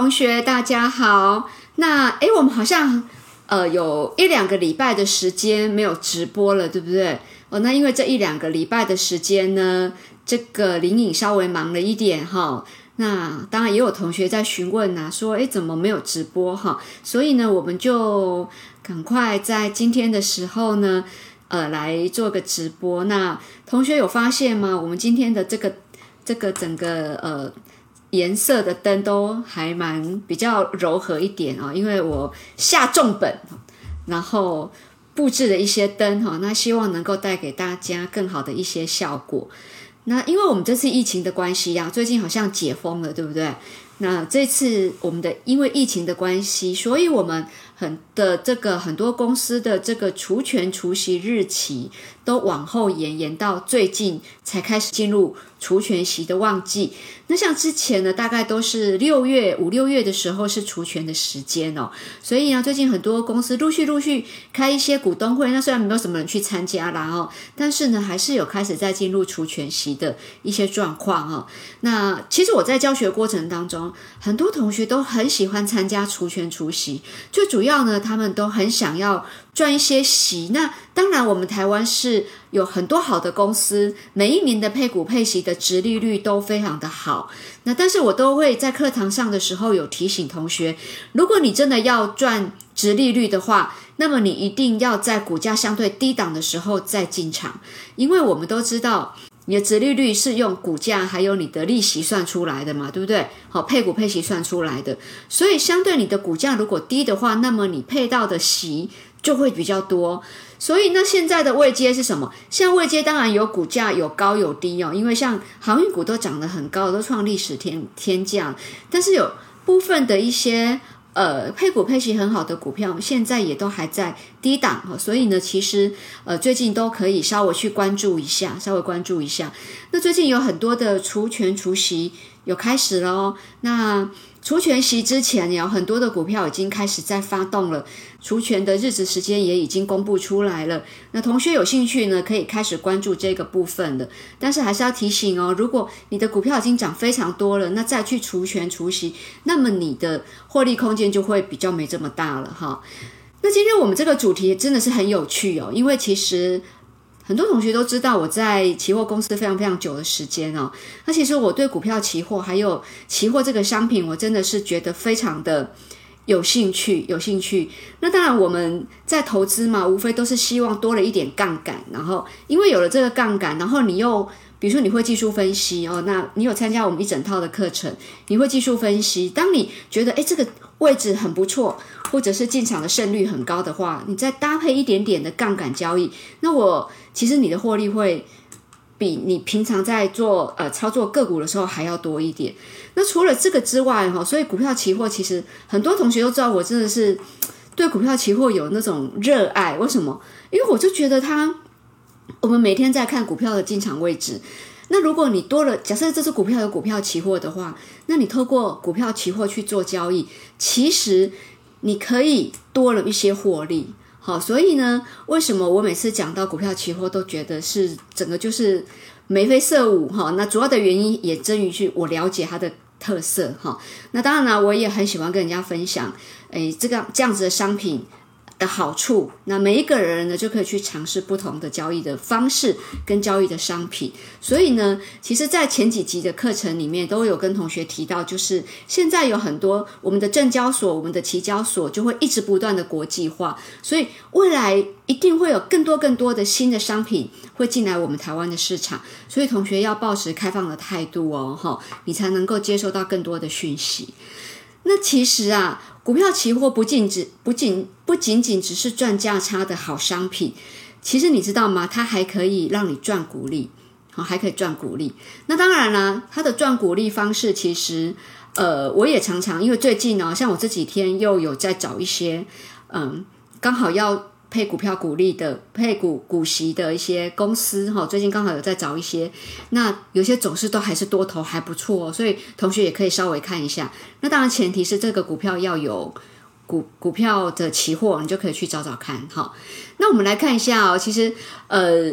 同學，大家好。那誒，我們好像呃有一兩個禮拜的時間沒有直播了，對不對？哦，那因為這一兩個禮拜的時間呢，這個林穎稍微忙了一點哈。那當然也有同學在詢問啊，說誒怎麼沒有直播哈？所以呢，我們就趕快在今天的時候呢，呃來做個直播。那同學有發現嗎？我們今天的這個這個整個呃。顏色的燈都還蠻比較柔和一點哦，因為我下重本，然後佈置了一些燈哈，那希望能夠帶給大家更好的一些效果。那因為我們這次疫情的關係啊，最近好像解封了，對不對？那這次我們的因為疫情的關係，所以我們。很的這個很多公司的這個除權除息日期都往後延，延到最近才開始進入除權息的旺季。那像之前呢，大概都是六月五六月的時候是除權的時間哦。所以呢，啊，最近很多公司陸續陸續開一些股東會，那雖然沒有什麼人去參加啦哦，但是呢，還是有開始在進入除權息的一些狀況哦。那其實我在教學過程當中，很多同學都很喜歡參加除權除息，最主要。呢，他們都很想要賺一些息。那當然，我們台灣是有很多好的公司，每一年的配股配息的殖利率都非常的好。那但是我都會在課堂上的時候有提醒同學，如果你真的要賺殖利率的話，那麼你一定要在股價相對低檔的時候再進場，因為我們都知道。你的殖利率是用股價還有你的利息算出來的嘛，對不對？好，配股配息算出來的，所以相對你的股價如果低的話，那麼你配到的息就會比較多。所以那現在的位階是什麼？像位階當然有股價有高有低哦，因為像航運股都漲得很高，都創歷史天天價，但是有部分的一些。呃，配股配息很好的股票，現在也都還在低檔，所以呢，其實呃，最近都可以稍微去關注一下，稍微關注一下。那最近有很多的除權除息有開始嘍，那。除權息之前，有很多的股票已經開始在發動了。除權的日子時間也已經公布出來了。那同學有興趣呢，可以開始關注這個部分了。但是還是要提醒哦，如果你的股票已經漲非常多了，那再去除權除息，那麼你的獲利空間就會比較沒這麼大了哈。那今天我們這個主題真的是很有趣哦，因為其實。很多同學都知道我在期貨公司非常非常久的時間哦，那其實我對股票期貨還有期貨這個商品，我真的是覺得非常的有興趣，有興趣。那當然我們在投資嘛，無非都是希望多了一點槓桿，然後因為有了這個槓桿，然後你又比如說你會技術分析哦，那你有參加我們一整套的課程，你會技術分析，當你覺得誒，這個位置很不錯。或者是進場的勝率很高的話，你再搭配一點點的槓桿交易，那我其實你的獲利會比你平常在做呃操作個股的時候還要多一點。那除了這個之外哈，所以股票期貨其實很多同學都知道，我真的是對股票期貨有那種熱愛。為什麼？因為我就覺得它，我們每天在看股票的進場位置。那如果你多了，假設這只股票有股票期貨的話，那你透過股票期貨去做交易，其實。你可以多了一些獲利，好，所以呢，為什麼我每次講到股票期貨都覺得是整個就是眉飛色舞哈？那主要的原因也在於去我了解它的特色哈。那當然啦，我也很喜歡跟人家分享，誒，這個這樣子的商品。的好處，那每一個人呢就可以去嘗試不同的交易的方式跟交易的商品。所以呢，其實，在前幾集的課程裡面，都有跟同學提到，就是現在有很多我們的證交所、我們的期交所，就會一直不斷的國際化。所以未來一定會有更多更多的新的商品會進來我們台灣的市場。所以同學要抱持開放的態度哦，吼，哦，你才能夠接受到更多的訊息。那其實啊，股票期貨不僅只不僅不僅僅只是賺價差的好商品，其實你知道嗎？它還可以讓你賺股利，好，還可以賺股利。那當然啦、啊，它的賺股利方式其實，呃，我也常常因為最近呢、哦，像我這幾天又有在找一些，嗯、呃，剛好要。配股票股利的配股股息的一些公司哈、哦，最近剛好有在找一些，那有些走勢都還是多頭還不錯哦，所以同學也可以稍微看一下。那當然前提是這個股票要有股股票的期貨，你就可以去找找看哈、哦。那我們來看一下哦，其實呃，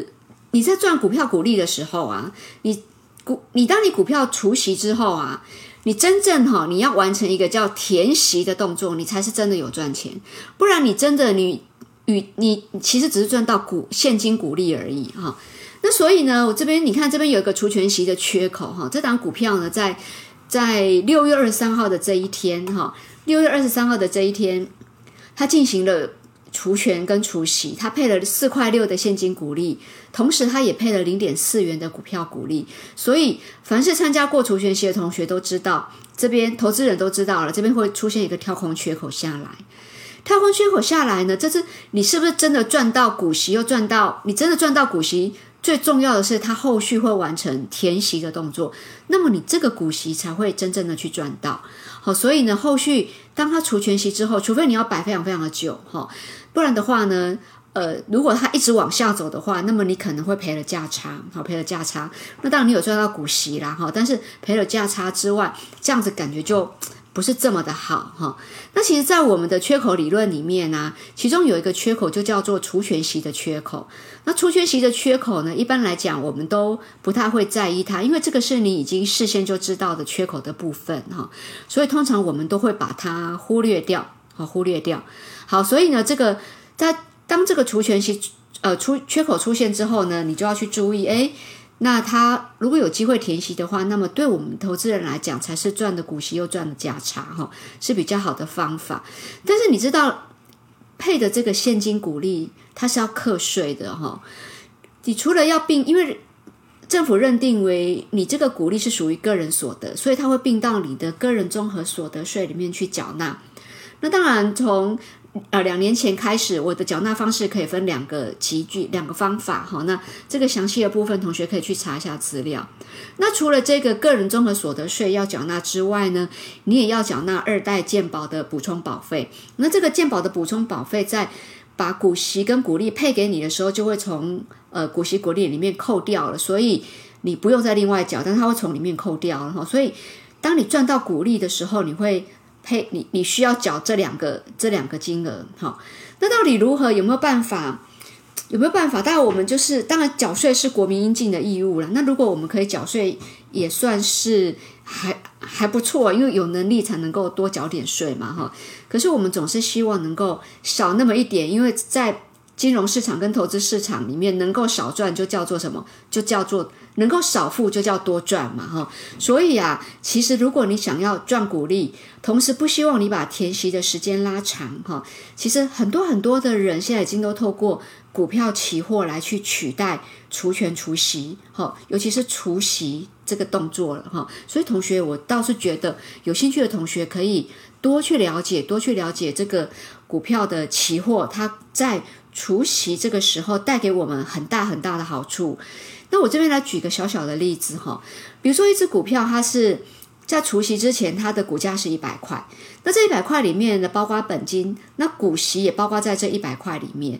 你在賺股票股利的時候啊，你股你當你股票除息之後啊，你真正哈、哦，你要完成一個叫填息的動作，你才是真的有賺錢，不然你真的你。與你，你其實只是賺到股現金股利而已哈、哦，那所以呢，我這邊你看這邊有一個除權息的缺口哈、哦，這檔股票呢在在六月二十三號的這一天哈，哦，六月二十三號的這一天，它進行了除權跟除息，它配了四塊六的現金股利，同時它也配了零點四元的股票股利，所以凡是參加過除權息的同學都知道，這邊投資人都知道了，這邊會出現一個跳空缺口下來。跳空缺口下來呢，這次你是不是真的賺到股息？又賺到你真的賺到股息？最重要的是，它後續會完成填息的動作，那麼你這個股息才會真正的去賺到。好、哦，所以呢，後續當它除權息之後，除非你要擺非常非常的久，哈、哦，不然的話呢，呃，如果它一直往下走的話，那麼你可能會賠了價差，好、哦，賠了價差。那當然你有賺到股息啦，哈、哦，但是賠了價差之外，這樣子感覺就，不是這麼的好哈、哦。那其實，在我們的缺口理論裡面呢、啊，其中有一個缺口就叫做除權息的缺口。那除權息的缺口呢，一般來講，我們都不太會在意它，因為這個是你已經事先就知道的缺口的部分哈、哦。所以通常我們都會把它忽略掉，好、哦、忽略掉。好，所以呢，這個在當這個除權息呃出缺口出現之後呢，你就要去注意，誒那他如果有機會填息的話，那麼對我們投資人來講，才是賺的股息又賺的價差哈，是比較好的方法。但是你知道配的這個現金股利，它是要課稅的哈。你除了要併，因為政府認定為你這個股利是屬於個人所得，所以他會併到你的個人綜合所得稅裡面去繳納。那當然從呃，兩年前開始，我的繳納方式可以分兩個集具，兩個方法。哈，那這個詳細的部分，同學可以去查一下資料。那除了這個個人綜合所得稅要繳納之外呢，你也要繳納二代健保的補充保費。那這個健保的補充保費，在把股息跟股利配給你的時候，就會從呃股息股利裡面扣掉了，所以你不用再另外繳，但它會從裡面扣掉了。哈，所以當你賺到股利的時候，你會。嘿，你、hey, 你需要繳這兩個這兩個金額，好、哦，那到底如何？有沒有辦法？有沒有辦法？當然，我們就是當然繳稅是國民應盡的義務啦。那如果我們可以繳稅，也算是還還不錯，因為有能力才能夠多繳點稅嘛，哈、哦。可是我們總是希望能夠少那麼一點，因為在。金融市場跟投資市場裡面，能夠少賺就叫做什麼？就叫做能夠少付就叫多賺嘛，哈、哦。所以啊，其實如果你想要賺股利，同時不希望你把填息的時間拉長，哈、哦，其實很多很多的人現在已經都透過股票期貨來去取代除權除息，哈、哦，尤其是除息這個動作了，哈、哦。所以同學，我倒是覺得有興趣的同學可以多去了解，多去了解這個股票的期貨，它在。除息這個時候帶給我們很大很大的好處，那我這邊來舉個小小的例子哈。比如說一隻股票，它是在除息之前，它的股價是一百塊，那這一百塊裡面呢，包括本金，那股息也包括在這一百塊裡面。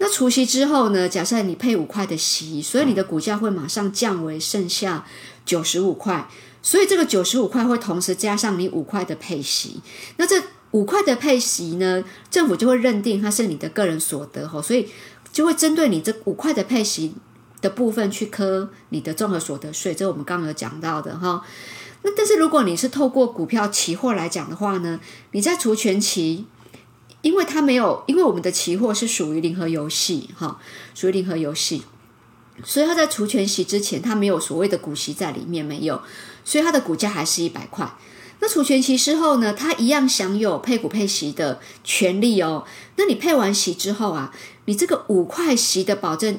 那除息之後呢，假設你配五塊的息，所以你的股價會馬上降為剩下九十五塊，所以這個九十五塊會同時加上你五塊的配息，那這。五塊的配息呢，政府就會認定它是你的個人所得，所以就會針對你這五塊的配息的部分去扣你的綜合所得稅，這是我們剛剛有講到的哈。那但是如果你是透過股票期貨來講的話呢，你在除權息，因為它沒有，因為我們的期貨是屬於零和遊戲哈，屬於零和遊戲，所以它在除權息之前，它沒有所謂的股息在裡面沒有，所以它的股價還是一百塊。那除權息之後呢？他一樣享有配股配息的權利哦。那你配完息之後啊，你這個五塊息的保證，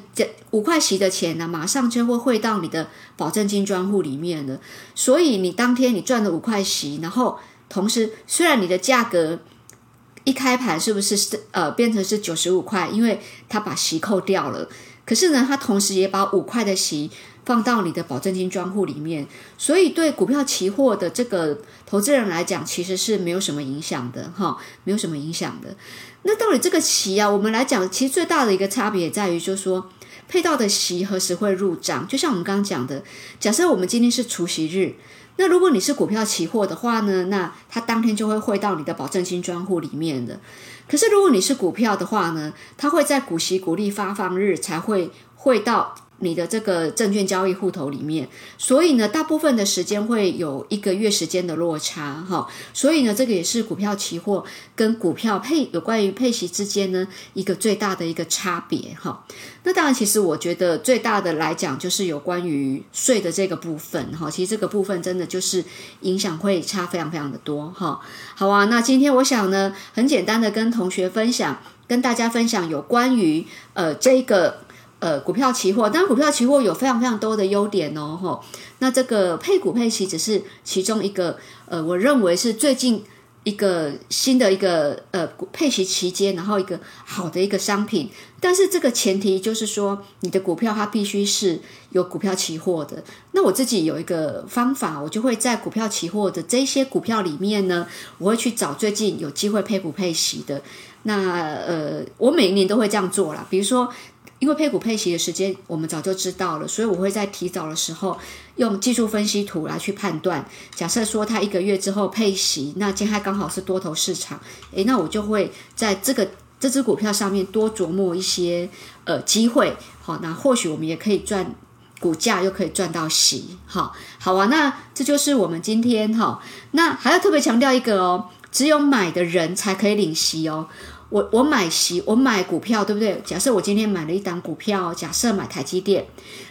五塊息的錢呢、啊，馬上就會匯到你的保證金專戶裡面了。所以你當天你賺了五塊息，然後同時雖然你的價格一開盤是不是呃變成是九十五塊？因為他把息扣掉了。可是呢，他同時也把五塊的息放到你的保證金專戶裡面，所以對股票期貨的這個投資人來講，其實是沒有什麼影響的哈，沒有什麼影響的。那到底這個息啊，我們來講，其實最大的一個差別也在於，就是說配到的息何時會入賬。就像我們剛剛講的，假設我們今天是除息日。那如果你是股票期貨的話呢，那它當天就會匯到你的保證金專戶裡面的。可是如果你是股票的話呢，它會在股息股利發放日才會匯到。你的這個證券交易戶頭裡面，所以呢，大部分的時間會有一個月時間的落差哈、哦，所以呢，這個也是股票期貨跟股票配有關於配息之間呢一個最大的一個差別哈、哦。那當然，其實我覺得最大的來講就是有關於稅的這個部分哈、哦，其實這個部分真的就是影響會差非常非常的多哈、哦。好啊，那今天我想呢，很簡單的跟同學分享，跟大家分享有關於呃這個。呃，股票期貨，當然股票期貨有非常非常多的優點哦，齁、哦。那這個配股配息只是其中一個，呃，我認為是最近一個新的一個呃，配息期間，然後一個好的一個商品。但是這個前提就是說，你的股票它必須是有股票期貨的。那我自己有一個方法，我就會在股票期貨的這些股票裡面呢，我會去找最近有機會配股配息的。那呃，我每一年都會這樣做啦，比如說。因為配股配息的時間我們早就知道了，所以我會在提早的時候用技術分析圖來去判斷。假設說他一個月之後配息，那今天剛好是多頭市場，哎，那我就會在這個這支股票上面多琢磨一些呃機會，好、哦，那或許我們也可以賺股價又可以賺到息，好、哦，好啊，那這就是我們今天哈、哦，那還要特別強調一個哦，只有買的人才可以領息哦。我我買息，我買股票，對不對？假設我今天買了一檔股票，假設買台積電，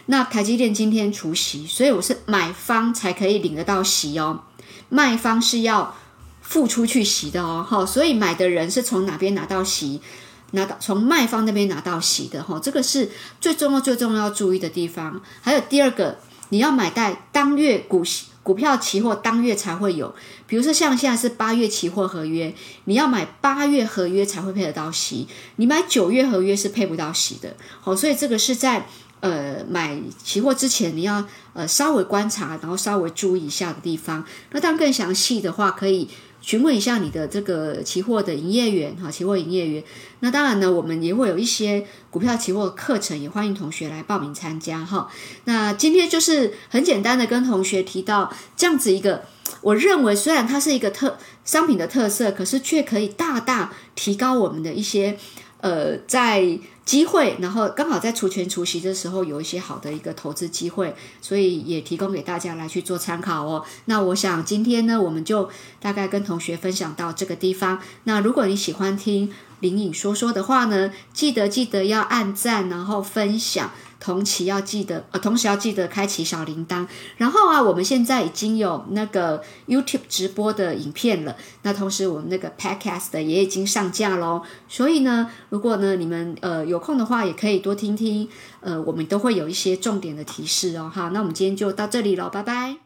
那台積電今天除息，所以我是買方才可以領得到息哦，賣方是要付出去息的哦，哈、哦，所以買的人是從哪邊拿到息？拿到從賣方那邊拿到息的，哈、哦，這個是最重要、最重要注意的地方。還有第二個，你要買在當月股息。股票期貨當月才會有，比如說像現在是八月期貨合約，你要買八月合約才會配得到息，你買九月合約是配不到息的。好，所以這個是在呃買期貨之前，你要呃稍微觀察，然後稍微注意一下的地方。那當然更詳細的話，可以。詢問一下你的這個期貨的營業員哈，期貨營業員。那當然呢，我們也會有一些股票期貨課程，也歡迎同學來報名參加哈。那今天就是很簡單的跟同學提到這樣子一個，我認為雖然它是一個特商品的特色，可是卻可以大大提高我們的一些。呃，在機會，然後剛好在除權除息的時候，有一些好的一個投資機會，所以也提供給大家來去做參考哦。那我想今天呢，我們就大概跟同學分享到這個地方。那如果你喜歡聽林穎說說的話呢，記得記得要按讚，然後分享。同期要記得，呃，同時要記得開啟小鈴鐺。然後啊，我們現在已經有那個 YouTube 直播的影片了，那同時我們那個 Podcast 的也已經上架嘍。所以呢，如果呢你們呃有空的話，也可以多聽聽。呃，我們都會有一些重點的提示哦。好，那我們今天就到這裡嘍，拜拜。